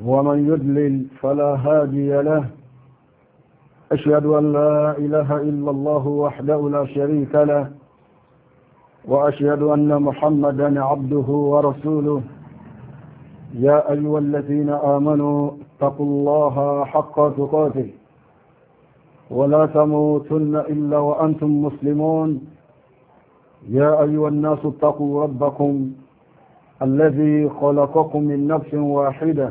ومن يدلل فلا هادي له أشهد أن لا إله إلا الله وحده لا شريك له وأشهد أن محمدا عبده ورسوله يا أيها الذين آمنوا اتقوا الله حق تقاته ولا تموتن إلا وأنتم مسلمون يا أيها الناس اتقوا ربكم الذي خلقكم من نفس واحدة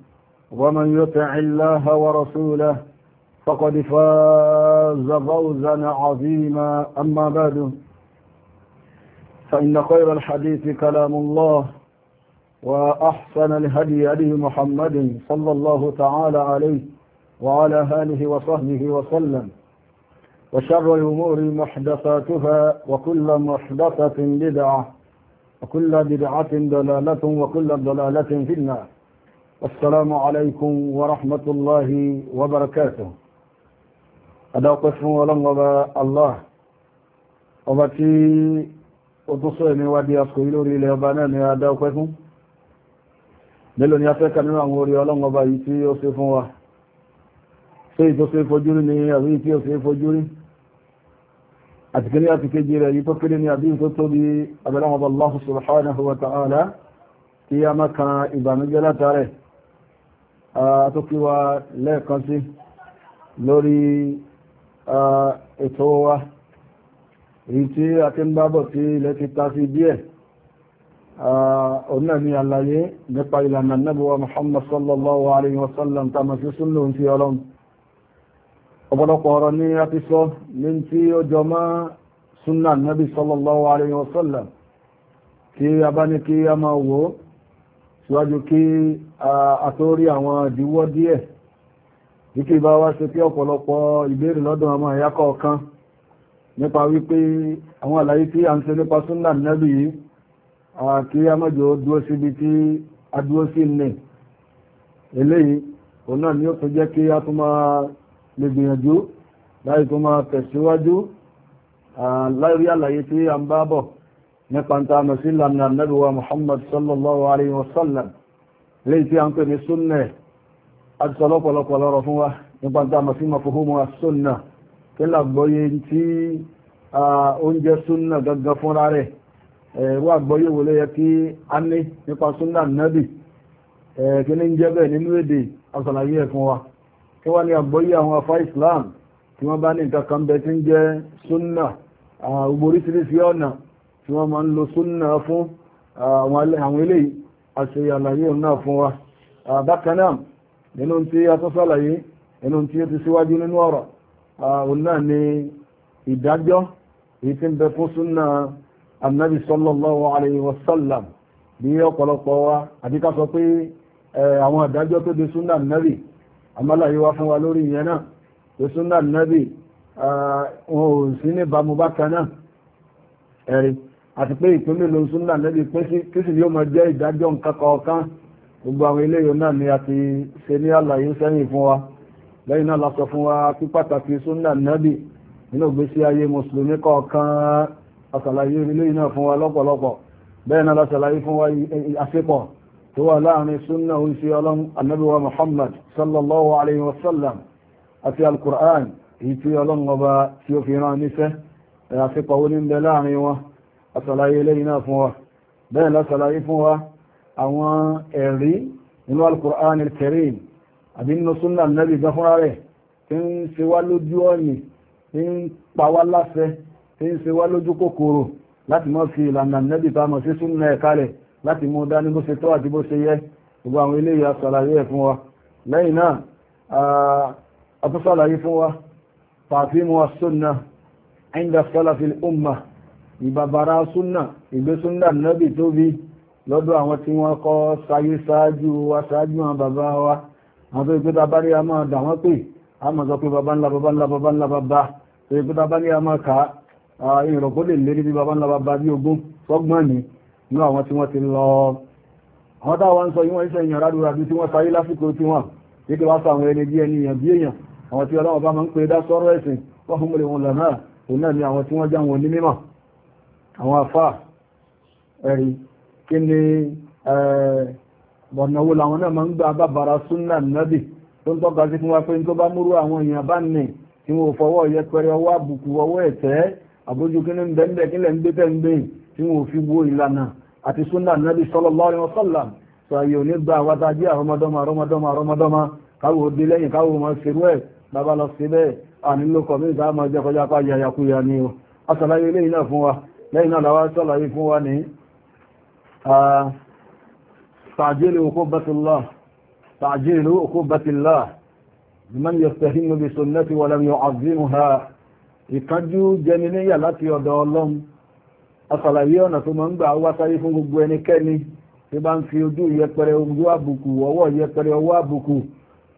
ومن يطع الله ورسوله فقد فاز فوزا عظيما أما بعد فإن خير الحديث كلام الله وأحسن الهدي أبي محمد صلى الله تعالى عليه وعلى آله وصحبه وسلم وشر الأمور محدثاتها وكل محدثة بدعة وكل بدعة دلالة وكل ضلالة في النار السلام عليكم ورحمة الله وبركاته أدوقف ولنغبا الله وبتي أتصيني ودي أسكو إلوري لأباناني أدوقف nílòní afẹ́kà nínú àwọn orí ọlọ́run ọba yìí tí ó ṣe fún wa ṣe ìtò ṣe fojúrí ni àbí tí ó ṣe fojúrí àti kí ní àti kéjì rẹ̀ yìí tó kéré ni àbí tó tóbi abẹ́lẹ́wọ̀n ọba Allah subhanahu wa ta'ala kí a máa kan ìbànújẹ́ látàrẹ̀ àtọ́kíwá ah, lẹ́ẹ̀kan sí lórí ah, ètò wa èyí tí a ti ń bábọ̀ tí ilẹ̀ ti ta sí díẹ̀ ọ̀nà ah, ni àlàyé nípa ìlànà nẹ́bùwa Muhammad sallallahu alaihi wasallam ta masu súnlò ti ọlọ́run ọ̀pọ̀lọpọ̀ ọ̀rọ̀ ni a ti sọ ní tí ó jọ mọ́ súnà nẹ́bì sallallahu alaihi wasallam tí a bá ní kí a máa wòó síwájú kí àtórí àwọn ìdíwọ́ díẹ̀ wíkí bá wá ṣe pé ọ̀pọ̀lọpọ̀ ìbéèrè lọ́dọ̀ ọmọ ẹ̀yà kọ̀ọ̀kan nípa wípé àwọn àlàyé tí a ń ṣe nípa súnnà nẹ́bì yìí kí a mọ́jọ dúró síbi tí a dúró sí ní eléyìí òun náà ni ó tó jẹ́ kí a tún máa lè gbìyànjú láì tó máa tẹ̀síwájú láìrí àlàyé tí a ń bá bọ̀ nípa ń tàà mẹ́sí lànà nẹ́bíwá Muhammad sallallahu alayhi wa sallam lè tí a ń pè ní súnnẹ̀ àtìsọ́lọ́pọ̀lọpọ̀ lọ́rọ̀ fún wa nípa ń tàà mẹ́sí mafuhumu súnnà kí làgbọ́yé tí oúnjẹ súnnà gangan fúnra rẹ̀ wà gbọ́yé wò ló yẹ kí a ní nípa súnnà nẹ́bì kí ní jẹ́ bẹ́ẹ̀ Islam tí bá ní nǹkan kan tí ń jẹ́ súnnà gbogbo oríṣiríṣi ọ̀nà wọ́n máa ń lo súnnà fún àwọn eléyìí àṣẹ àlàyé náà fún wa bákan náà nínú tí a tó sàlàyé nínú tí ó ti síwájú nínú ọ̀rọ̀ òun náà ni ìdájọ́ èyí tí ń bẹ fún súnnà annabi sallallahu alayhi wa sallam bí ọ̀pọ̀lọpọ̀ wa àti ká sọ pé àwọn àdájọ́ tó di súnnà annabi amálàyé wa fún wa lórí ìyẹn náà tó súnnà annabi wọn ò sí ní bámu ẹ̀rí àti pé ìpínlẹ̀ ló súnà níbi pín sí kí sì yóò máa jẹ́ ìdájọ́ nǹkan kọ̀ọ̀kan gbogbo àwọn eléyìí náà ni a ti ṣe ní àlàyé sẹ́yìn fún wa lẹ́yìn náà la sọ fún wa kí pàtàkì súnà nábì nínú ìgbésí ayé mùsùlùmí kọ̀ọ̀kan àṣàlàyé eléyìí náà fún wa lọ́pọ̀lọpọ̀ bẹ́ẹ̀ náà la ṣàlàyé fún wa àṣepọ̀ tó wà láàrin súnà oṣù ọlọ́run anábì wa muhammad sallallahu àtàlàyé lẹ́yìn náà fún wa bẹ́ẹ̀ lásàlàyé fún wa àwọn ẹ̀rí nínú al-Qur'an al-Karim àbí nínú súnà nẹ́bì gbáfúnra rẹ̀ tí ń ṣe wá lójú ọ̀nì tí ń pa wá láṣẹ tí ń ṣe wá lójú kòkòrò láti mọ́ fi ìlànà nẹ́bì tá mọ̀ sí súnà ẹ̀ kalẹ̀ láti mú dání bó ṣe tọ́ àti bó ṣe yẹ gbogbo àwọn eléyìí àṣàlàyé ẹ̀ fún wa lẹ́yìn náà àtúnṣàlàyé fún wa tààfíìmù as-sunnah inda salafil ummah ìbàbàrà súnà ìgbé súnà nábì tóbi lọ́dọ̀ àwọn tí wọ́n kọ́ sáyé sáájú wa sáájú àwọn bàbá wa àwọn tó ìpẹ́ta bá rí a máa dà wọ́n pè a máa sọ pé bàbá ńlá bàbá ńlá bàbá ńlá bàbá tó ìpẹ́ta bá rí a máa kà á ìrọ̀ kó lè lérí bí bàbá ńlá bàbá bí ogún sọ́gbọ́n ní inú àwọn tí wọ́n ti lọ àwọn táwọn sọ yíwọ́n iṣẹ́ èèyàn rádúradú tí wọ́n sáyé lásìkò tí wọ́n yíkẹ́ wá sọ àwọn ẹni bí ẹni èèyàn bí èèyàn àwọn tí ọlọ́wọ́ bá máa ń pè dá sọ́rọ̀ ẹ̀sìn wọ́n fún mọ́lẹ̀ wọn lọ́nà òun náà ni àwọn tí wọ́n já wọn ní mímọ̀ àwọn afá ẹ̀rí kí ni bọ̀nàwó làwọn náà máa ń gba bàbára súnà nábì tó ń tọ́ka sí fún wa pé tó bá múrú àwọn èèyàn bá nì tí wọ́n fọwọ́ yẹpẹrẹ ọwọ́ àbùkù ọwọ́ ẹ̀tẹ́ àbójú kí ní bẹ́ẹ̀ kí lẹ́ ń sallallahu alaihi wasallam sọ àyè òní gba àwọn tají àrọmọdọ́mọ àrọmọdọ́mọ àrọmọdọ́mọ káwọ́ òde lẹ́yìn káwọ́ máa ṣerú ẹ̀ bàbá lọ síbẹ̀ ànílòkọ̀ mí ìta máa jẹ́ kọjá ilé iná fún wa lẹ́yìn náà làwá sọ́làyé fún wa ní tàjílù uqubatillah tàjílù uqubatillah man yastahimu bi sunnati wa lam yu'azzimuha ìkánjú jẹni níyà láti ọ̀dọ̀ ọlọ́run asàlàyé ọ̀nà tó máa ń gbà wá sáyé fún gbogbo ẹnikẹ́ni tí bá ń fi ojú yẹpẹrẹ ojú àbùkù ọwọ́ yẹpẹrẹ ọwọ́ àbùkù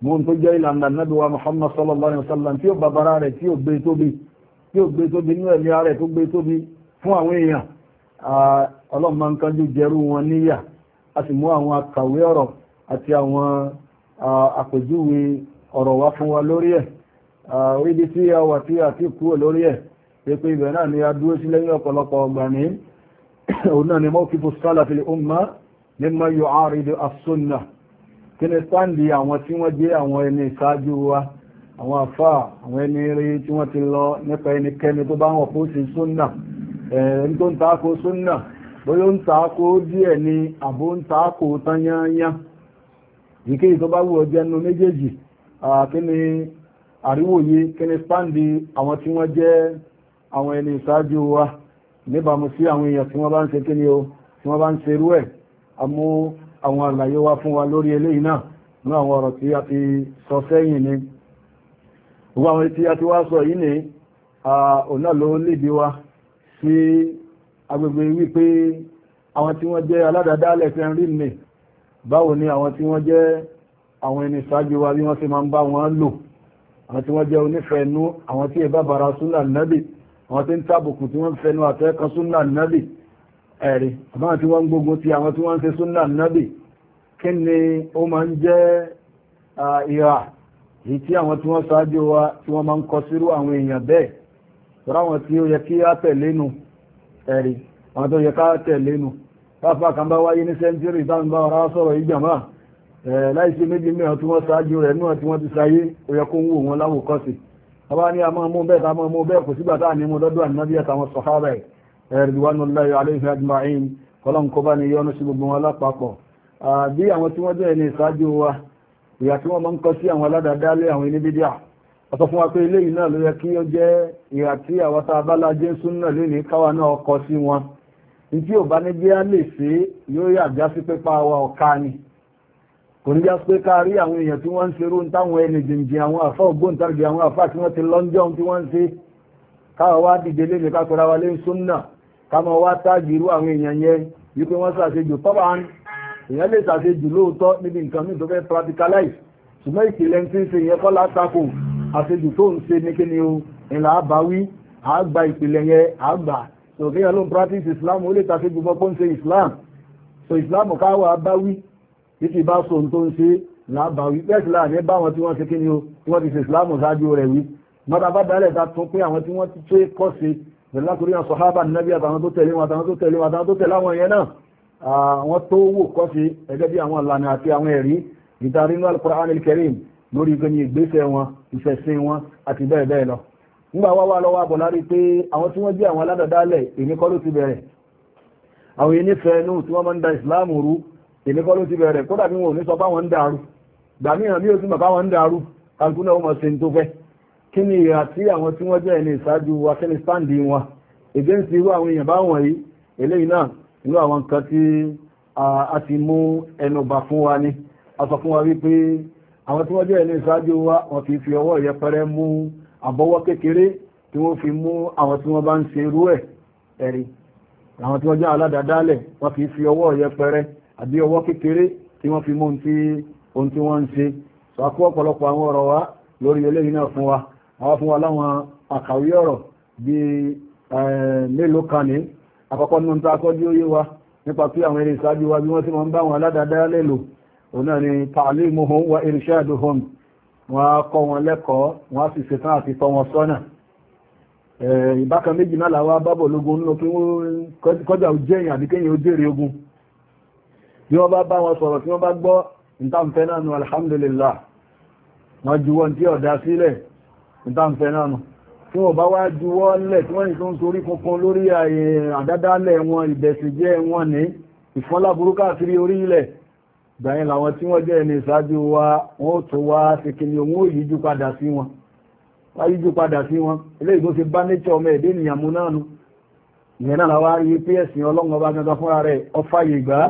mú tó jẹ́ ìlànà Ànábì wa Muhammad sallallahu alaihi wasallam tí ó bàbára rẹ̀ tí ó gbé tóbi tí ó gbé tóbi ní ẹ̀mí rẹ̀ tó gbé tóbi fún àwọn èèyàn ọlọ́run máa ń kánjú jẹrú wọn níyà a sì mú àwọn akàwé ọ̀rọ̀ àti àwọn àpèjúwe ọ̀rọ̀ wá fún wa lórí ẹ̀ orídi tí a wà tí a ti kúrò lórí ẹ̀ pé pé ibẹ̀ náà ni a dúró sí lẹ́yìn ọ̀pọ̀lọpọ̀ ọgbà ní ni mọ́kífù sálàfil umma mimma yu'aridu as-sunna kí ni sáǹdì àwọn wa àwọn àfáà àwọn ẹni rí tí wọ́n ti lọ nípa ẹnikẹ́ni ẹ̀rẹ̀ tó ń tako súnnà bóyá ń tako díẹ̀ ni àbó ń tako tanyanya ìkéyìí tó bá wù ọjọ́ ẹnu méjèèjì kíni àríwòye kíni spáǹdì àwọn tí wọ́n jẹ́ àwọn ẹni ìṣáájú wa níbàmú sí àwọn èèyàn tí wọ́n bá ń ṣe kíni o tí wọ́n bá ń ṣerú ẹ̀ amú àwọn àlàyé wá fún wa lórí eléyìí náà ní àwọn ọ̀rọ̀ tí a ti sọ sẹ́yìn ni gbogbo àwọn tí a ti wá sọ yìí ni ọ̀nà ló lè bí wa sí agbègbè wípé àwọn tí wọ́n jẹ́ aládàdálẹ̀ fẹ́ rí nì báwo ni àwọn tí wọ́n jẹ́ àwọn ẹni ṣáájú wa bí wọ́n ṣe máa ń bá wọn lò àwọn tí wọ́n jẹ́ onífẹ̀ẹ́nú àwọn tí ẹ̀bá bara súnà nábì àwọn tí ń tàbùkù tí wọ́n ń fẹnu àtẹ́kan súnà nábì ẹ̀rí àbáwọn tí wọ́n ń gbógun ti àwọn tí wọ́n ń ṣe súnà nábì kí ni ó máa ń jẹ́ ìhà èyí tí àwọn tí wọ́n ṣáájú wa tí wọ́n máa ń kọ sírú àwọn èèyàn bẹ́ẹ̀ ráwọn tí ó yẹ kí á tẹ̀lénu ẹ̀rí àwọn tó yẹ ká tẹ̀lénu pápá kan bá wáyé ní sẹ́ńtírì táwọn bá ọ̀rá sọ̀rọ̀ ìjàmá láìsí méjì mìíràn tí wọ́n ṣáájú rẹ̀ náà tí wọ́n ti sáyé ó yẹ kó ń wò wọn láwòkọ́sì ọba ní àmọ́ mú bẹ́ẹ̀ tàmọ́ mú bẹ́ẹ̀ kò sígbà táà ní mú wa ìyà tí wọ́n máa ń kọ́ sí àwọn ọ̀sọ̀ fún wa pé eléyìí náà ló yẹ kí ó jẹ́ ìhà tí àwọn tá a bá lájẹ́ súnà lónìí káwa náà kọ sí wọn ní tí ò bá ní bí a lè ṣe yóò yà sí pé pa ọ̀ka ni kò ní já sí pé ká rí àwọn èèyàn tí wọ́n ń ṣe irú táwọn ẹni jìnjìn àwọn àfa ògbóǹtarìgì àwọn àfa tí wọ́n ti lọ́njọ́ tí wọ́n ń ṣe káwa wá dìde lé nìkan pẹ̀lú àwọn lẹ́yìn súnà káwọn wá táàgì irú àwọn èèyàn yẹn wípé wọ́n ṣàṣejù tọ́ba èèyàn lè ṣàṣejù lóòótọ́ níbi nǹkan mí tó fẹ́ practicalize ṣùgbọ́n ìpìlẹ̀ ń ti ń ṣe ìyẹn kọ́ látakò àṣejù tó ń ṣe ní ni o ìlà àbáwí àgbà ìpìlẹ̀ yẹn àgbà so kí yẹn practice Islam ó lè tàṣejù mọ́pọ́ ń ṣe Islam so Islam káwà àbáwí títí bá so tó ń ṣe làbáwí bẹ́ẹ̀ sì láàrin bá ni o tí wọ́n Islam ṣáájú rẹ̀ wí mọ́ta bá dálẹ̀ ta tún pé àwọn tí wọ́n ti tó kọ́ sí ìrìnlátorí àwọn sọ̀hábà nẹ́bí àtàwọn tó tẹ̀lé wọn àtàwọn tó tẹ̀lé wọn àtàwọn tó wò kọ́ sí ẹgẹ́ bí àwọn ìlànà àti àwọn ẹ̀rí ìdarí inú al-Qur'an al lórí pé ní ìgbésẹ̀ wọn ìfẹ̀sìn wọn àti bẹ́ẹ̀ bẹ́ẹ̀ lọ nígbà wá wá lọ́wọ́ àbọ̀ lárí pé àwọn tí wọ́n jẹ́ àwọn aládàdálẹ̀ èmi kọ́ ló ti bẹ̀rẹ̀ àwọn enífẹ̀ẹ́ nù tí wọ́n máa ń da ìsìláàmù rú èmi ti bẹ̀rẹ̀ kódà bí wọn ò ní sọ báwọn ń dàrú gbàmíràn mi ò sí màkà wọn ń dàrú kálukú náà wọ́n mọ̀ sí tó fẹ́ kí ni ìhà tí àwọn tí wọ́n jẹ́ ẹni ìṣáájú afghanistan di wọn èdè ń ti irú àwọn èèyàn báwọn yìí eléyìí náà inú àwọn nǹkan tí a ti mú ẹnu bà fún wa ni a sọ fún wa wípé àwọn tí wọ́n jẹ́ ẹni ìṣáájú wa wọ́n kì í fi ọwọ́ ìyẹpẹrẹ mú àbọ̀wọ́ kékeré tí wọ́n fi mú àwọn tí wọ́n bá ń ṣe irú ẹ̀ ẹ̀rí àwọn tí wọ́n jẹ́ aládàádálẹ̀ wọ́n kì fi ọwọ́ ìyẹpẹrẹ àbí ọwọ́ kékeré tí wọ́n fi mú ohun tí wọ́n ń ṣe sàkó ọ̀pọ̀lọpọ̀ àwọn ọ̀rọ̀ wa lórí eléyìí náà fún wa àwọn fún wa láwọn àkàwé ọ̀rọ̀ bí mélòó kan ní àkọ́kọ́ nínú tá a kọ́ bí ó yé wa nípa pé àwọn eré ìṣáájú wa bí wọ́n ti máa ń bá àwọn aládàádálẹ̀ lò ọ̀nà ni ta'limuhum wa irshaduhum wọ́n á kọ́ wọn lẹ́kọ̀ọ́ wọ́n á sì ṣetán àti tọ́ wọn sọ́nà ìbákan méjì náà làwọn bábọ̀ lógun nínú kí wọ́n kọjá jẹ́ èèyàn àbí kéèyàn ó jèrè ogun bí wọ́n bá bá wọn sọ̀rọ̀ tí wọ́n bá gbọ́ ìtàǹfẹ́ náà nù alhamdulillah wọ́n juwọ́ tí ọ̀dá sílẹ̀ gbàyìn làwọn tí wọ́n jẹ́ ẹni ìsáájú wa wọ́n tó wá sí kìíní wọn ó yíjú padà sí wọn wá yíjú padà sí wọn eléyìí tó ṣe bá nature ọmọ ẹ̀dẹ́ ènìyàn mú náà nu ìyẹn náà làwọn arí pé ẹ̀sìn ọlọ́run ọba gangan fúnra rẹ̀ ọfàyè gbà á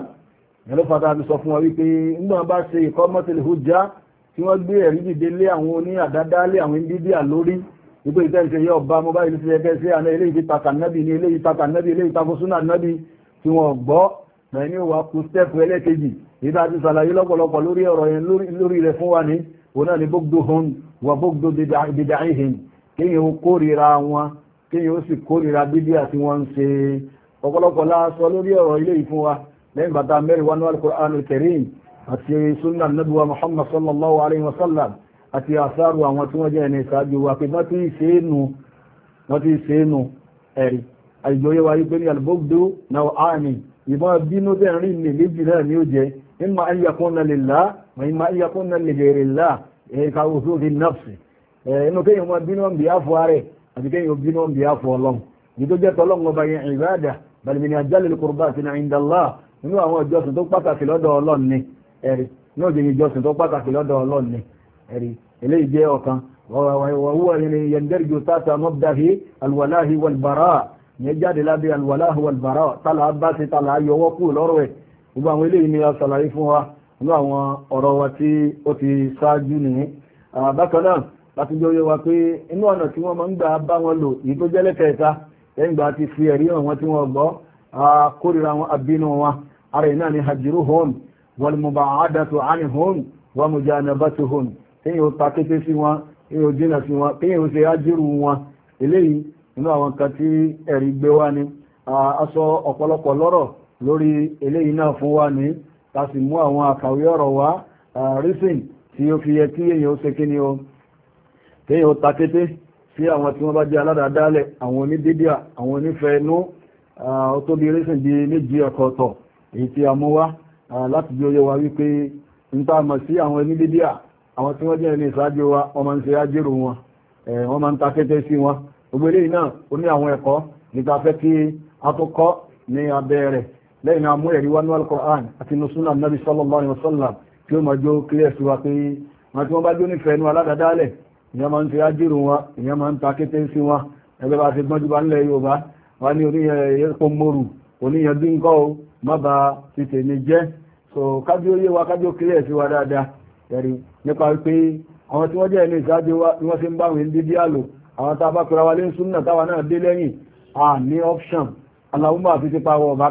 ìyẹn ló fata sọ fún wa wípé ńgbà bá ṣe iqamatul hujja tí wọ́n gbé ẹ̀rí dìde lé àwọn oní àdádálé àwọn bídíà lórí wípé ìtẹ́ǹtẹ́ yẹ ọba mo báyìí ti ẹgbẹ́ sí àná eléyìí ti takà nábì ní eléyìí takà nábì eléyìí takò súnà nábì tí wọ́n gbọ́ bẹ́ẹ̀ wà kú stẹ́ẹ̀pù ẹlẹ́kejì ìdá ti sàlàyé lọ́pọ̀lọpọ̀ lórí ọ̀rọ̀ yẹn lórí rẹ̀ fún wa ní òun náà ni bógdó hun wà bógdó bid'ihim kéyìn ó kórìíra wọn kéyìn ó sì kórìíra bídíà tí wọ́n ń ṣe ọ̀pọ̀lọpọ̀ láàṣọ lórí ọ̀rọ̀ ilé yìí fún wa lẹ́yìn bàtà mẹ́rin wánú al-Qur'anul Karim àti sunna nabuwa Muhammad sallallahu alayhi wa sallam àti àsáàrù àwọn tí إما أن يكون لله وإما أن يكون لغير الله كوثوث النفس إنه كي يوم بينهم بيافواره أبي كي يوم بينهم بيافو الله يدو جاء تلون وبين عبادة بل من أجل القربات عند الله إنه هو جوس تو باتا في لدو الله ني ẹ̀rí ní òjì ni jọsìn tó pàtàkì lọ́dọ̀ Ọlọ́run ni ẹ̀rí ilé ìjẹ́ ọ̀kan wọ́wọ́ yẹndẹ́rìjò tàtà mọ́bdáhí alwàláhí الولاه والبراء، jáde lábẹ́ alwàláhí walbàrá tàlà bá ti tàlà yọwọ́ gbogbo àwọn eléyìí ni a ṣàlàyé fún wa nínú àwọn ọ̀rọ̀ wa tí ó ti ṣáájú nìyí bákan náà láti wa pé inú ọ̀nà tí wọ́n máa ń gbà bá wọn lò èyí tó jẹ́ ya lẹ́yìn ti fi ẹ̀rí hàn wọn tí wọ́n gbọ́ kórìíra wọn àbínú wọn ara ìnáà ni hajruhum wal muba'adatu anhum wa mujanabatuhum kéèyàn ta kété sí wọn kéèyàn dínà sí wọn kéèyàn ṣe ájírù wọn eléyìí inú àwọn kan tí ẹ̀rí gbé ni aṣọ ọ̀pọ̀lọpọ̀ lórí eléyìí náà fún wa ní láti mú àwọn àkàwé ọ̀rọ̀ wá rísìn tí ó fi yẹ kí èyàn ó ṣe kí ni o kéyàn ó takété sí àwọn tí wọ́n bá jẹ́ aládàádálẹ̀ àwọn onídídíà àwọn onífẹ̀ẹ́nú ó tó bí rísìn bí méjì ọ̀kọ̀ọ̀tọ̀ èyí tí a mú wá láti bí ó yẹ wa wípé ń tá mọ̀ sí àwọn onídídíà àwọn tí wọ́n jẹ́ ẹni ìsáájú wa wọ́n máa ń ṣe ájírò wọn wọ́n máa ń takété sí wọn gbogbo eléyìí náà ó ní àwọn ẹ̀kọ́ nígbà fẹ́ kí a tó kọ́ ní abẹ́ rẹ̀ lẹ́yìn amú ẹ̀rí wá ní alkọ̀án àti nusuna nabi sallallahu alaihi wasallam tí ó ma jó kílẹ̀ sí wa pé wọn tí wọ́n bá jó ní fẹ̀ẹ́nu aládàdálẹ̀ ìyẹn ma ń fi ájírò wọn ìyẹn ma ń ta kété sí wọn so kájú ó yé wa kájú ó kílẹ̀ sí wa dáadáa ẹ̀rí nípa pé àwọn tí wọ́n jẹ́ ẹni ìsáájú wa ni wọ́n ti ń bá wọn dídí àlò àwọn tá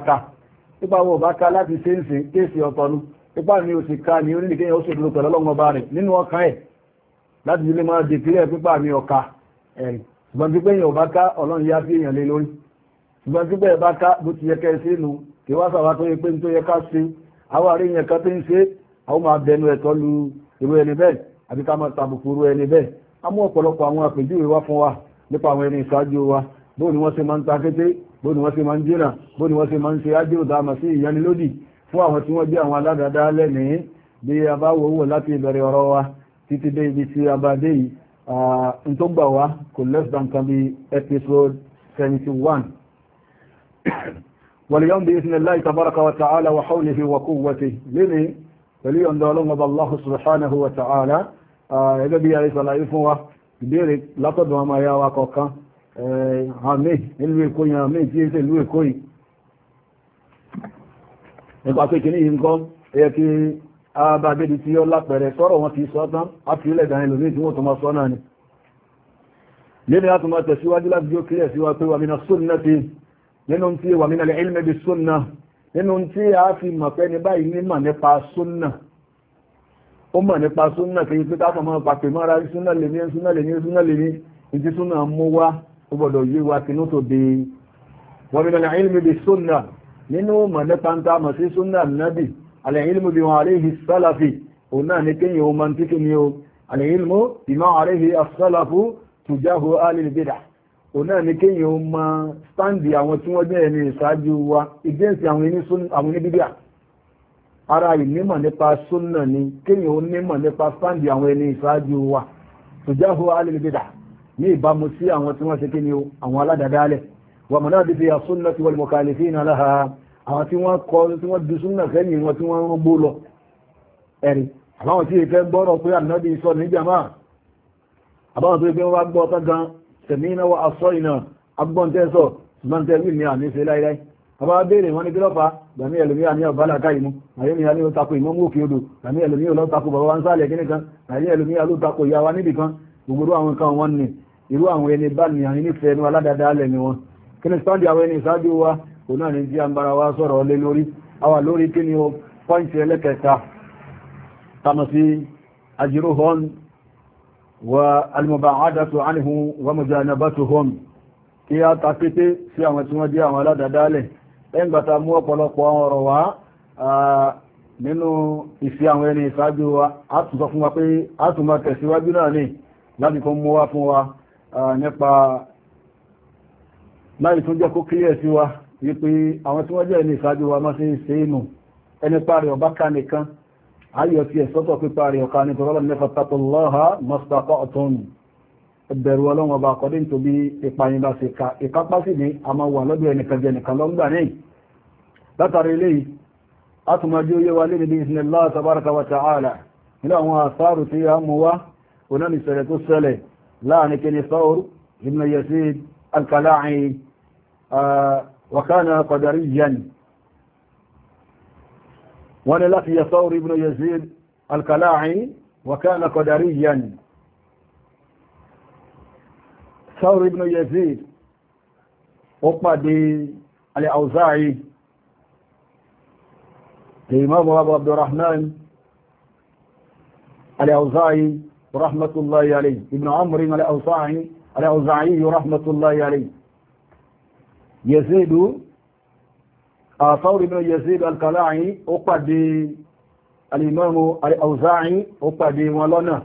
a ipa wọ bá ká láti ṣe ń ṣe kéèsì ọ̀tọ̀nu ipa mi ò sì ká ní oníkẹyàn ó sì dúró pẹ̀lú ọlọ́run ọba rẹ̀ nínú ọkàn ẹ̀ láti ilé máa dè pílẹ̀ pípa mi ọ̀ka ẹ̀rì ṣùgbọ́n tí pẹ́yìn ọba ká ọlọ́run yá sí èèyàn lé lórí ṣùgbọ́n tí pẹ́yìn bá ká bó ti yẹ kẹ́ ṣe nu kí wá sàwá tó yẹ pé tó yẹ ká ṣe àwọn àrí yẹn kan tó ń ṣe àwọn máa bẹnu ẹ̀tọ́ lu irú ẹni bẹ́ẹ̀ àbí ká máa tàbùkù irú ẹni bẹ́ẹ̀ á mú ọ̀pọ̀lọpọ̀ àwọn àpèjúwe wá fún wa nípa àwọn ẹni ìṣáájú wa bóun ni wọ́n ṣe máa ń ta kété bóni wọ́n ṣe máa ń jìnà bóni wọ́n ṣe máa ń ṣe ájò dáàmà sí ìyanilódì fún àwọn tí wọ́n jẹ́ àwọn aládàáda lẹ́ni bí a bá wò wò láti ìbẹ̀rẹ̀ ọ̀rọ̀ wa títí dé ibi tí a bá dé yìí n tó gbà wá kò less than can be episode 71 wàlíyàn bí ìsinmi láì tabaraka wa ta'ala wa hawlihi wa quwwatihi lẹ́ni pẹ̀lú ọ̀dọ̀ ọlọ́run ọba subhanahu wa ta'ala ẹgbẹ́ bí i àìsàn láyé fún wa ìbéèrè látọ̀dọ̀ ọmọ ayáwa kọ̀ọ̀kan Eh, àmì ìlú èkó yẹn àmì tí é tẹ́ ìlú èkó yìí nípa pé kìíní yìí ń kọ́ ẹ̀yẹ kí abábẹ́ni tí ó lápẹẹrẹ sọ́rọ̀ wọn ti sọ tán àti ilẹ̀ ìdáyẹn lòmí tí wọ́n tó máa sọ náà ni lẹ́nu láti máa tẹ̀síwájú láti jó kílẹ̀ sí wa pé wà mínà súnnà ti nínú tí wà mínà lè ilmẹ̀ bí súnnà nínú tí a fi mọ̀ pé ní báyìí ní mà nípa súnnà ó mọ̀ nípa súnnà kí pé táfà máa pàpè mọ́ra súnnà lè ní súnnà lè ní súnnà lè ní ìdí súnnà mú wá ó gbọ́dọ̀ yí wa kínú tó dé wọ́n mìíràn ilmi bí súnà nínú mọ̀ nípa ń ta mọ̀ sí súnà nábì alẹ́ ilmi bí wọn àríhì sálàfì òun náà ní kéyìn o mọ̀ntí kí ni o alẹ́ ilmu bí wọn àríhì asálàfù tùjáhù alìlbìdà òun náà ní kéyìn o mọ̀ stáǹdì àwọn tí wọ́n jẹ́ ẹni tùjáhù alìlbìdà ní ìbámu sí àwọn tí wọ́n ṣe kíni o àwọn aládàdálẹ̀ wà mọ̀ náà dìbò àsúnnà tí wọ́n mọ̀kàlì sí ìnára ha àwọn tí wọ́n kọ tí wọ́n du súnnà sẹ́yìn wọn tí wọ́n ń gbó lọ ẹ̀rí àbáwọn tí ìfẹ́ gbọ́rọ̀ pé ànábì sọ ní jàmá àbáwọn tó ìfẹ́ wọn gbọ́ tán gan tẹ̀mí iná wa aṣọ ìnà agbọ́n tẹ́ sọ ṣùgbọ́n tẹ́ wí ní àmì ṣe láíláí àbá béèrè wọn ní gílọ́fà gbàmí ẹlòmí àní ọ̀bá làkà ìmú àyè ní alẹ́ òtakò ìmọ̀ mú òkè odò gbàmí ẹlòmí ọlọ́takò bàbá wa ń sálẹ̀ kíní kan gbogbo àwọn kan wọn ni irú àwọn ẹni bá ní àwọn nífẹ̀ẹ́ ẹnu aládàdálẹ̀ ni wọn kí ni sáàdì àwọn ẹni ìsáájú wa kò náà ní tí a ń bára wa sọ̀rọ̀ lé lórí àwa lórí kí ni o pọ́ǹtì ẹlẹ́kẹta tàmà sí ajiruhum wa almubaadatu anhum wa mujanabatuhum kí a ta kété sí àwọn tí wọ́n jẹ́ àwọn aládàdálẹ̀ lẹ́yìn gbàtà mú ọ̀pọ̀lọpọ̀ àwọn nínú ìfẹ́ àwọn ẹni ìsáájú wa a tún sọ fún wa pé a tún máa tẹ̀síwájú náà ní láti kó mú wá fún wa nípa láì tún jẹ́ kó kílẹ̀ sí wa wípé àwọn tí wọ́n jẹ́ ní ìsáájú wa máa ṣe ń ṣe inú ẹni parí ọba ká nìkan ayọ̀ ti ẹ̀sọ́tọ̀ pípa rí ọ̀ká ní tọ́lọ́lọ́ nípa tapọ̀lọ́ha mọ́sítàpá ọ̀tọ́nù ẹbẹ̀rù ọlọ́run ọba akọ́dé tó bí Allah ta'ala nínú àwọn àsáàrù tí a mú láàrin kí ni Thawr ibn Yazid al-Kala'i wa kana qadariyyan wọ́n ni láti yẹ Thawr ibn Yazid al-Kala'i wa kana qadariyyan Thawr ibn Yazid ó pàdé al-Awza'i Imam Abdurrahman al رحمة الله عليه ابن عمر الأوزاعي الأوزاعي رحمة الله عليه يزيد ثور بن يزيد القلاعي أقد الإمام الأوزاعي أقد ولنا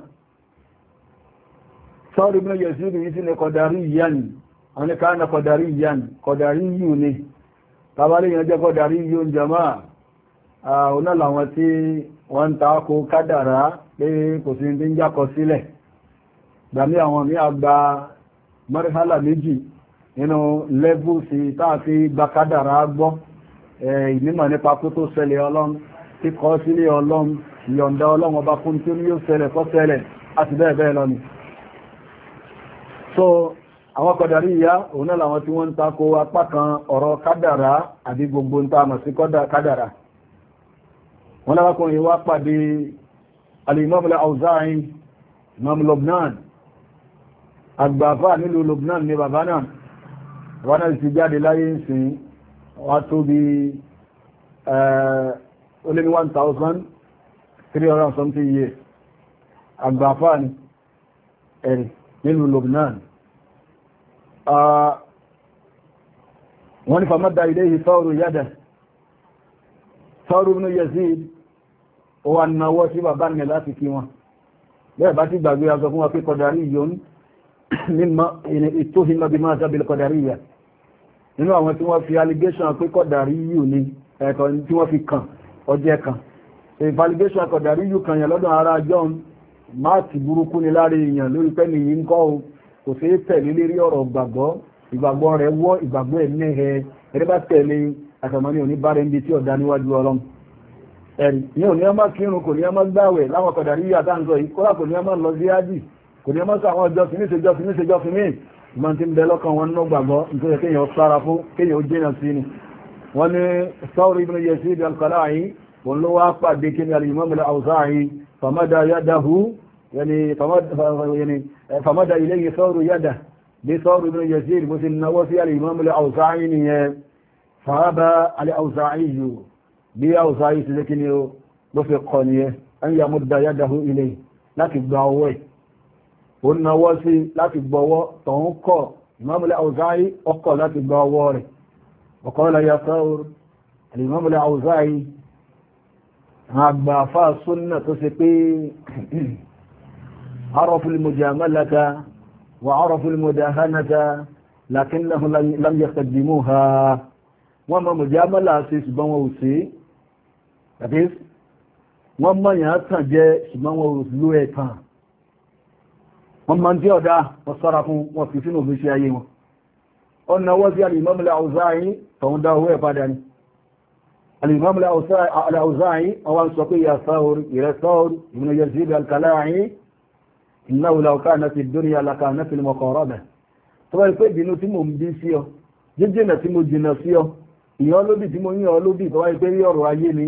ثور بن يزيد يزن قدريا أنا كان قدريا قدريوني طبعا يجب قدريون جماعة هنا لهم wọ́n ń ta kó kádàrá pé kò sí ní jákọ sílẹ̀ gbàmí àwọn mí àgbà mọ́rẹ́sálà méjì nínú lẹ́bù sí táàfi gba kádàrá gbọ́ ìnímọ̀ nípa kó tó ṣẹlẹ̀ ọlọ́run kíkọ́ sílé ọlọ́run ìyọ̀ǹda ọlọ́run ọba fún tí kọ́ ṣẹlẹ̀ àti bẹ́ẹ̀ bẹ́ẹ̀ so àwọn kọ̀dàrí ìyá òun náà làwọn tí wọ́n ń takò apá kan ọ̀rọ̀ kádàrá àbí gbogbo ń ta àmọ̀ sí kádàrá wọ́n lárakùnrin wá pàdé alìmọ́bùlá auzain imam lobnan agbàfà nílùú lobnan ní bàbá náà wọ́n náà ti jáde láyé ń sin wá tó bí eh, ó lé ní 1,300 something years agbàfà ní ẹ̀rì nílùú lobnan ah, wọ́n ni fàmọ́dá ilé ìfẹ́ òrùn yádà Sọ́rọ̀ ibn Yazid ó wá náwọ́ sí bàbá mi láti kí wọn bẹ́ẹ̀ bá ti gbàgbé aṣọ fún wa pé kọ̀dàrí yòó mímọ́ ìtóhìmọ́ bí máa sábẹ̀ kọ̀dàrí yà nínú àwọn tí wọ́n fi allegation pé kọ̀dàrí yìí ní ẹ̀kọ́ tí wọ́n fi kàn ọjẹ́ kan if allegation kọ̀dàrí yìí ni láàrin èèyàn lórí pẹ́ nìyí ń kọ́ kò sí tẹ̀lé lérí ọ̀rọ̀ gbàgbọ́ ìgbàgbọ́ rẹ̀ wọ́ ìgbàgbọ́ ẹ̀ ẹ̀rì ní òní ọmọ kírun kò ní ọmọ gbáwẹ̀ láwọn kọ̀dà rí àtàǹsọ yìí kọ́lá kò ní ọmọ lọ sí ájì kò ní ọmọ sọ àwọn ọjọ́ kìíní ṣe jọ kìíní ṣe jọ kìíní ìmọ̀ tí ń bẹ lọ́kàn wọn nínú gbàgbọ́ nítorí kéèyàn sára fún kéèyàn ó jẹ́yàn sí ni wọ́n ní sọ́ọ̀rọ̀ ibn Yazid al-Qala'i òun ló wá pàdé kí ni al-Imam al-Awza'i famada yadahu yani eh, famada ilayhi sọ́ọ̀rọ̀ yada bí sọ́ọ̀rọ̀ ibn Yazid bó ti náwó sí al-Imam al-Awza'i nìyẹn fàábà al bí àwùsá yìí ti lé kí ni o ló fi kọ nìyẹn ẹn yà mú da yádáhù ilé láti gba ọwọ́ ẹ̀ ó nawọ́ sí láti gbọ́wọ́ tọ̀hún kọ̀ ìmọ̀mọ̀lẹ̀ àwùsá yìí ọkọ̀ láti gba ọwọ́ rẹ̀ ọkọ̀ lọ yà sáwùr ìmọ̀mọ̀lẹ̀ àwùsá yìí súnà tó ṣe pé عرفوا المجاملة وعرفوا المداهنة لكنهم لم يقدموها وما مجاملة سيسبا وسي tàbí wọ́n mọ̀yàn tàn jẹ́ ṣùgbọ́n wọn ò ló ẹ̀ tàn wọ́n mọ̀ tí ọ̀dá wọ́n sọ́ra fún wọn fi sínú òfin ṣe ayé wọn ọ̀nà wọ́n sí alìmọ́mùlẹ̀ àwùzáyìn tọ̀hún dá owó ẹ̀ padà ni alìmọ́mùlẹ̀ àwùzáyìn ọwọ́n sọ pé ìrẹsọ́ọ̀rù ìmúnà yẹ̀zíbi alkaláyìn ìnáwó làwùká náà ti dórí alaka náà fi mọ̀ kọ̀ọ̀rọ̀ bẹ̀ tó tí mo jìnà sí ọ ìyọ́ rí ọ̀rọ̀ ayé ni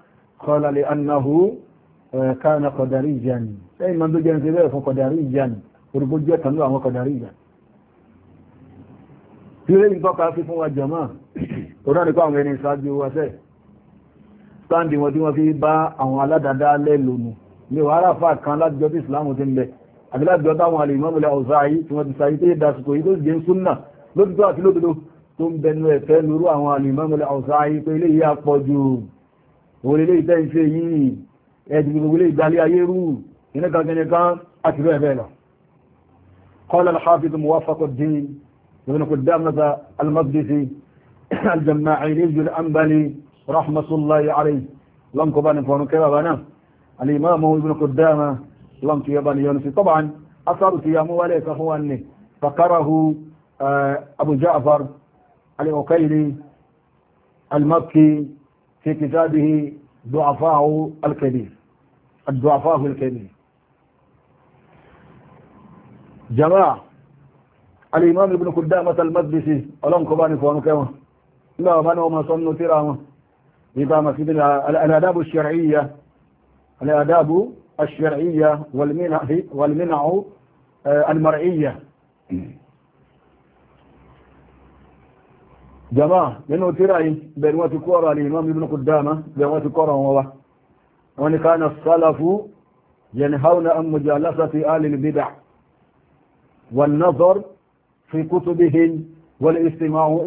قال lè annahu kánà kọ̀dàrí ìjáni ẹ̀yìn ma ń tó jẹ́ ní bẹ́ẹ̀ fún kọ̀dàrí ìjáni orúkọ jẹ́ kanú àwọn kọ̀dàrí ìjáni tí lè ń tọ́ka sí fún wa jọmọ́ ọ̀rọ̀ nípa àwọn ẹni ìsáájú wáṣẹ́ sáàndì wọn tí wọ́n fi bá àwọn aládàdá lẹ́lòmù ní wàhálà fà kan lájọ tí ìsìláàmù ti ń bẹ àti lájọ táwọn alè ìmọ̀mọ̀lẹ̀ ọ̀sá ayé tí wọ́n ti sayé tó yé yìí tó jẹ́ súnà lótìtọ́ àti lódodo tó ń bẹnu ẹ̀fẹ́ lórú àwọn alè ìmọ̀mọ̀lẹ̀ ọ̀sá ayé pé ilé yìí apọ̀jù orílẹ̀ ìtẹ́ ìṣe yìí ẹ̀dùn gbogbo ilé ìgbàlẹ̀ ayé rú ìnẹ́gagẹnẹgán àti bẹ́ẹ̀ bẹ́ẹ̀ lọ قال الحافظ موافق الدين ابن قدامة المقدسي الجماعي الأنبلي رحمة الله عليه لم كبان فون كبابنا الإمام ابن قدامة لم كيبان يونسي طبعا أثر كيام وليك أخواني فقره أبو جعفر الأوكيلي المكي في كتابه ضعفاء الكبير الضعفاء الكبير جماعة الإمام ابن قدامة المدرسي ألم كباني فوانكما لا من وما صنوا تراما إقامة الأداب الشرعية الأداب الشرعية والمنع, والمنع آه، المرعية jama nínú tíra yìí bẹ̀rẹ̀ wọ́n ti kọ́rọ̀ alì imam ibn Qudama bẹ̀rẹ̀ wọ́n ti kọ́rọ̀ wọn wá wọ́n ni káàna sálàfú yanhauna an mujalasati alil bid'a wal nazar fi kutubihim wal istima'u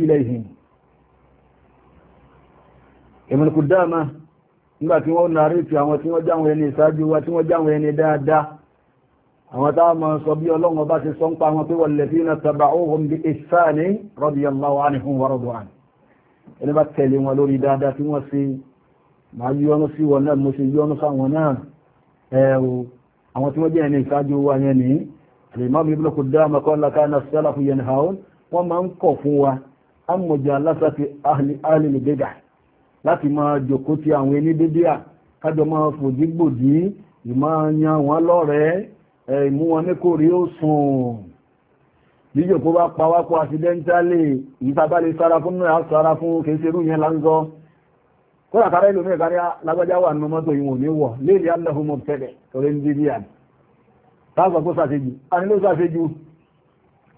wọ́n nàrí ti àwọn àwọn tá a máa sọ bí ọlọ́run ọba ti sọ ń pa wọn pé walladhina taba'uhum bi ihsani radiyallahu anhum wa radu anhu ẹni bá tẹ̀lé wọn lórí dáadáa tí wọ́n ṣe máa yọ́nú sí wọn náà mo ṣe yọ́nú sáwọn náà ẹ̀rù àwọn tí wọ́n jẹ́ ẹni ìṣáájú wa yẹn ní al-imam ibn Qudama qala láti máa jòkó ti àwọn ẹni dédé à kájọ máa fòdígbòdì ìmáa yan wọn lọ́rẹ̀ẹ́ ìmú wọn ní kò rí ó sùn níjò kó bá pàwápọ̀ àṣìdẹ́ntálẹ̀ ìtàbálẹ̀ sára fún náà sára fún kèsèrú yẹn lánzọ́ kó àkàrà ìlú mẹ́ta rí lágbàjá wà nínú mọ́tò ìwọ̀n ní wọ̀ léèrè aláhùnmọ̀ tẹ́lẹ̀ torí ní bíbíà táàgbà kó sàṣejù anílò sàṣejù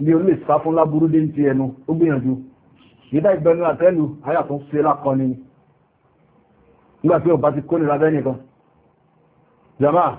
ní orí ìsá fún láburú dé ti ẹnu ó gbìyànjú ìdá ìbẹnu àtẹnu jama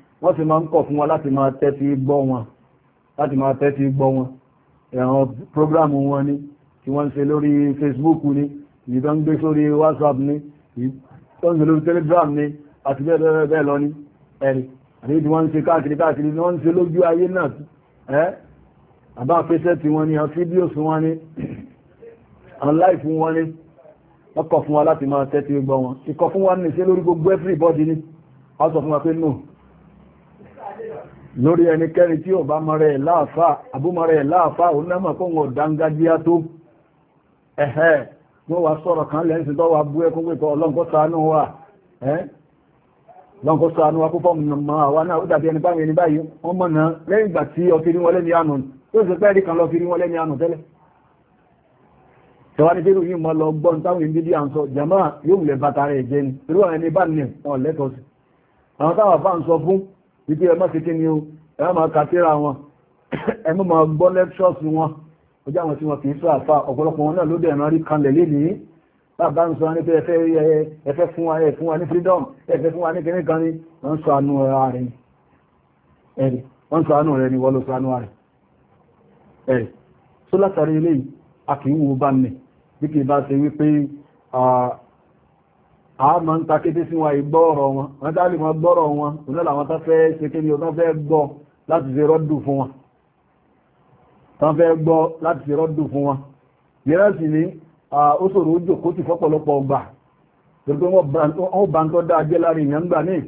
wọ́n sì máa ń kọ̀ fún wọn láti máa tẹ́tí gbọ́ wọn láti máa tẹ́tí gbọ́ wọn ẹ̀hàn prógrámù wọn ni tí wọ́n ń lórí Facebook ni ìyí tó ń gbé sórí WhatsApp ni ìyí tó ń lórí Telegram ni àti bẹ́ẹ̀ bẹ́ẹ̀ lọ ni ẹ̀rì àti ìdí wọ́n ń ṣe káàkiri káàkiri ni wọ́n ń ṣe lójú ayé náà ẹ́ àbá fẹ́sẹ̀ tí wọ́n ni àwọn fídíòs wọn ni àwọn láìfù wọn ni wọ́n kọ̀ fún wa láti máa tẹ́tí gbọ́ wọn ìkọ̀ fún wa ní ṣe lórí gbogbo everybody ni wọ́n sọ fún wa pé no lórí ẹnikẹ́ni tí ò bá mọ́rẹ̀ láàfá àbúmọ́rẹ̀ láàfá òun náà mọ̀ fún ọ̀dángájíá tó ẹ̀hẹ́ wọ́n wá sọ̀rọ̀ kan lẹ́yìn tó wà bú ẹkún pẹ̀tọ̀ ọlọ́nkọ́sánú wa lọ́nkọ́sánú wa púpọ̀ mọ̀ àwọn náà ó dàbí ẹni báyìí ẹni báyìí wọ́n mọ̀ náà lẹ́yìn ìgbà tí ọkiri wọn lẹ́ni ànú tó sì pẹ́ rí kan lọ kiri wọn lẹ́ni ànú tẹ́lẹ̀ tẹwàá ní pẹ́rù yìí mọ́ lọ gbọ́n táwọn ìbídí à ń sọ jàmáà yóò wùlẹ̀ bàtà rẹ̀ àwọn táwọn bá ń sọ fún wípé ẹ má fi kí ni o ẹ má ka tírà wọn ẹ má máa gbọ́ lẹ́kṣọ́ọ̀sì wọn ó jẹ́ àwọn tí wọn kì í sọ àfa ọ̀pọ̀lọpọ̀ wọn náà ló dẹ̀ ẹ̀ràn rí kanlẹ̀ lénìí bàbá ń sọ ní pé ẹ fẹ́ fún wa ẹ fún wa ní freedom ẹ fẹ́ fún wa ní kíní kan ní wọ́n sọ àánú rẹ̀ ni wọ́n sọ àánú rẹ̀ ni wọ́n lọ sọ àánú rẹ̀ ẹ̀rì tó látàrí eléyìí a kì í wo bá mi bí kì í bá ṣe wípé a máa ń takété sí wọn ìgbọ́ọ̀rọ̀ wọn wọ́n dá lè mọ́ gbọ́ọ̀rọ̀ wọn onílà àwọn tán fẹ́ ṣe kí ni o tán fẹ́ gbọ́ láti ṣe rọ́dù fún wọn tán fẹ́ gbọ́ láti ṣe rọ́dù fún wọn mìíràn sì ni ó ṣòro ó jòkó ti fọ́pọ̀lọpọ̀ ọgbà torí pé wọ́n bá ń tọ́ dá ajé láàrin èèyàn gbà ní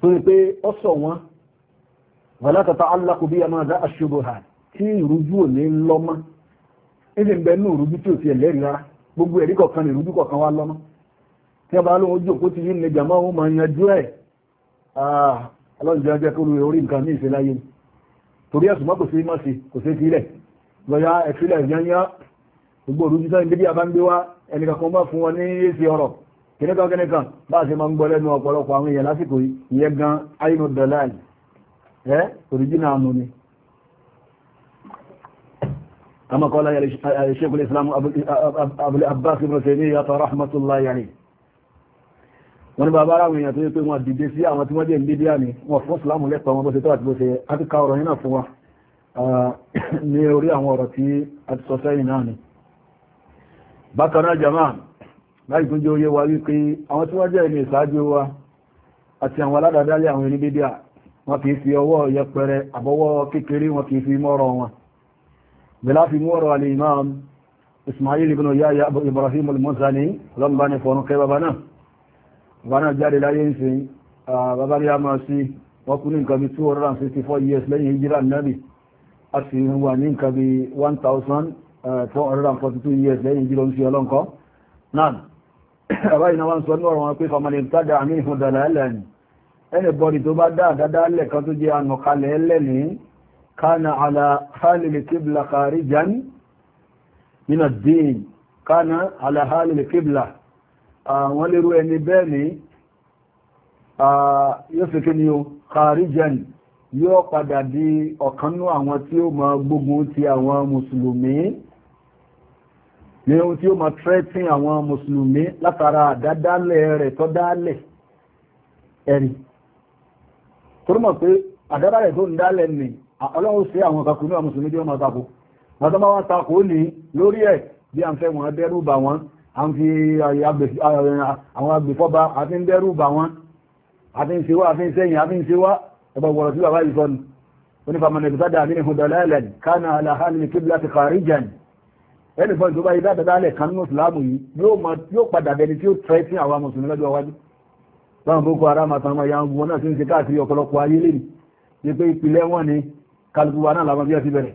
tó ní pé ó sọ wọn valákàtà alákòbí ẹ máa dá aṣọ́bò hà tí ìrújú ò ní lọ́mọ́ ẹ̀sìn ń bẹ nínú ìrújú tí ti rárá gbogbo ẹ̀rí kọ̀ọ̀kan ní ìrújú kọ̀ọ̀kan wá lọ́mọ́ tí a bá lóun ojú òkú ti yí ní jàmọ́ ohun máa yanjú ẹ̀ ah, ọlọ́njẹ́ jẹ́ kó orí nǹkan ní ìfẹ́ torí ẹ̀sùn mọ́ kò sí mọ́ sí kò sí sílẹ̀ lọ́yà ẹ̀fílẹ̀ yányá gbogbo ìrújú ẹnìkan kan bá fún wọn ní kìnnìkan kìnnìkan bá a ṣe máa ń gbọ́ lẹ́nu ọ̀pọ̀lọpọ̀ àwọn èèyàn lásìkò ìyẹn gan ayinu dọ̀láì ẹ́ òrìjínà àánú ni كما قال الشيخ الإسلام أبو الأباس بن تيمية رحمة الله عليه wọ́n bá bára wọ̀nyàn tó yẹ pé wọ́n dìde sí àwọn tí wọ́n jẹ́ ìdíbíà ni wọ́n fún ìsìlámù lẹ́pàá wọn bó ṣe tó àti bó ṣe àtìká ọ̀rọ̀ yìí náà fún wa ní orí àwọn ọ̀rọ̀ tí a ti sọ sẹ́yìn náà ni bákan náà jama láì tún jẹ́ oyé wa wípé àwọn tí wọ́n jẹ́ ẹni ìsáájú wa àti àwọn aládàádálẹ̀ àwọn oníbídíà wọn kìí fi ọwọ́ yẹpẹrẹ àbọwọ́ kékeré wọn kìí fi mọ́rọ̀ wọn bẹ̀lá fi mọ́rọ̀ al-imam ismail ibn yaya abu ibrahim al-muzani lọ́nbá years lẹ́yìn hijira nabi a sì wà 1442 eh, years lẹ́yìn hijira ń fi àbáyìí náà wọ́n sọ ní ọ̀rọ̀ wọn pé fọmọdé tàdà àmì ìfúndàlà ẹlẹ́ni ẹnìbọ̀dì tó bá dá àdádá lẹ̀ kan tó jẹ́ ànàkalẹ̀ ẹlẹ́ni kánà àlà hálìlì kíbla kàríjan nínà dín kánà àlà hálìlì kíbla àwọn lérú ní ohun tí ó máa trẹ́tìn àwọn mùsùlùmí látara àdádálẹ̀ rẹ̀ tó dálẹ̀ ẹ̀rì tó mọ̀ pé àdádálẹ̀ tó ń dálẹ̀ nì ọlọ́run sí àwọn kakù ní àwọn mùsùlùmí tí ó máa tako wọ́n tó máa wá tako ní lórí ẹ̀ bí à ń fẹ́ wọn dẹ́rù bà wọ́n à ń fi àwọn agbèfọ́ba àti ń dẹ́rù bà wọ́n àti ń sewá àti ń sẹ́yìn àti ń sewá ẹgbẹ́ wọ̀rọ̀ sí bàbá yìí sọ́nu onífàmọ́nà ìbùsádà àmì ìhùndọ̀lẹ́lẹ̀ kánà ẹnì bọ́ọ̀lù tó bá yí dáadáa lẹ̀ kan nínú ìsìláàmù yìí yóò padà bẹni tí ó tẹ́ sí àwa mùsùlùmí lọ́jọ́ iwájú báwọn boko haram àtàwọn ya ń gun wọn náà sí ń ṣe káàkiri ọ̀pọ̀lọpọ̀ ayé lè ní pé ìpìlẹ̀ wọn ni kálukú wa náà làwọn bí ẹ ti bẹ̀rẹ̀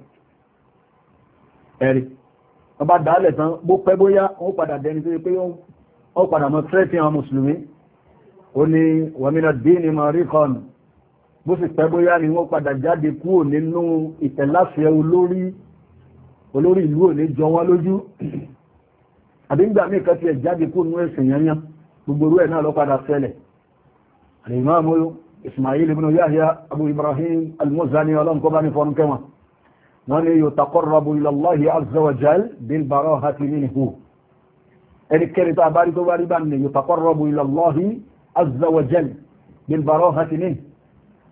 ẹ̀rí wọ́n bá dáálẹ̀ tán bó pẹ́ bóyá wọ́n padà dẹni tó yẹ pé wọ́n padà mọ́ tẹ́ sí àwọn mùsùlùmí ó ní wàmínà díìnì mọ̀ rí kan bó sì pẹ́ bóyá ni wọ́n padà jáde kúrò nínú ìtẹ̀láfẹ́ olórí olórí ìlú ò ní jọ wọ́n lójú àbí ń gbà mí kan ti ẹ̀ jáde kó nú ẹ̀sìn yanyan gbogbo orú ẹ̀ náà lọ padà ṣẹlẹ̀ Al-Imam Ismail ibn Yahya Abu Ibrahim Al-Muzani ọlọ́nkọ́bá ní fọ́nù kẹwàá wọ́n ní yutaqarrabu ila Allahi azza wa jal bil barahati minhu ẹni kẹrì tó àbárí tó wárí bá ní yutaqarrabu ila Allahi azza wa jal bil barahati minhu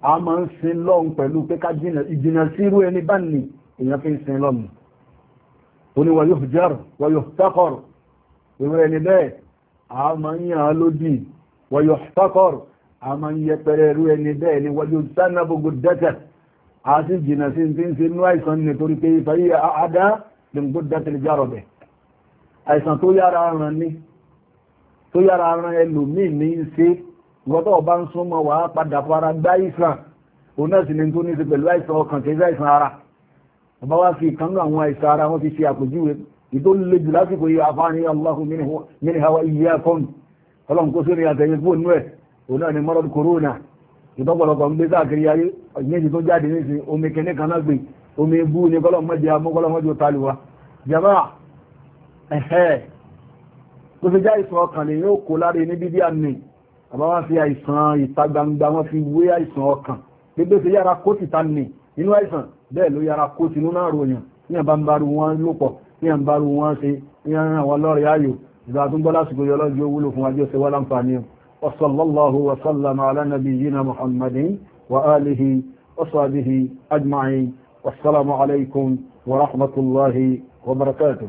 a máa ń sin lọ́n pẹ̀lú pé ká jìnà ìjìnà ẹni bá ní èèyàn fi ń sin lọ́nù ó ní wọ́n yóò jẹ́rù wọ́n yóò tẹ́kọ̀rù ìwé ẹni bẹ́ẹ̀ a máa ń yàn án lódì wọ́n yóò tẹ́kọ̀rù a máa ń yẹpẹrẹ irú ẹni bẹ́ẹ̀ ni wọ́n yóò sáná gbogbo dẹ́tẹ̀ a sì jìnà sí ti ń ṣe inú àìsàn nítorí pé ìfàyè àdá lè ń gbọ́dọ̀ tẹ̀lé járọ̀ bẹ̀ àìsàn tó yára ran ni tó yára ran ẹlòmíì ní í ṣe ìwọ́tọ̀ ọba ń súnmọ́ wàá padà fara gbá ìsàn òun náà sì ni tó ní bàbá wá fi ìkànnú àwọn àìsàn ara wọn fi ṣe àpèjúwe ìtò lè jù lásìkò yìí àfáàní Allahu min hawa iyyakum ọlọ́run kó sórí àtẹ̀yẹ fún ònú ẹ̀ òun náà ni mọ́rọ̀dù kòrónà ìtọ́pọ̀lọpọ̀ ń gbé káàkiri ayé méjì tó jáde nísìn omi kẹ́ní kan náà gbé omi bú ni kọ́lọ́mọ́dé amúkọ́lọ́mọ́dé taliwa jama ẹ̀hẹ́ tó fi já ìsàn ọkàn lè yóò kó láre ní bíbí àmì àbá wọn fi àìsàn ìta gbangba wọn fi wé àìsàn ọkàn gbégbé fi yára kó tìta nì nínú àìsàn bẹ́ẹ̀ ló yára kó tinú náà ròyìn ní àbámbarú wọn lòpọ̀ ní àbámbarú wọn ṣe ní àwọn lọ́rẹ̀ ayò ìgbà tó ń bọ́lá sí gbogbo ọlọ́jọ́ wúlò fún ajọ́ ṣe wọ́lá ń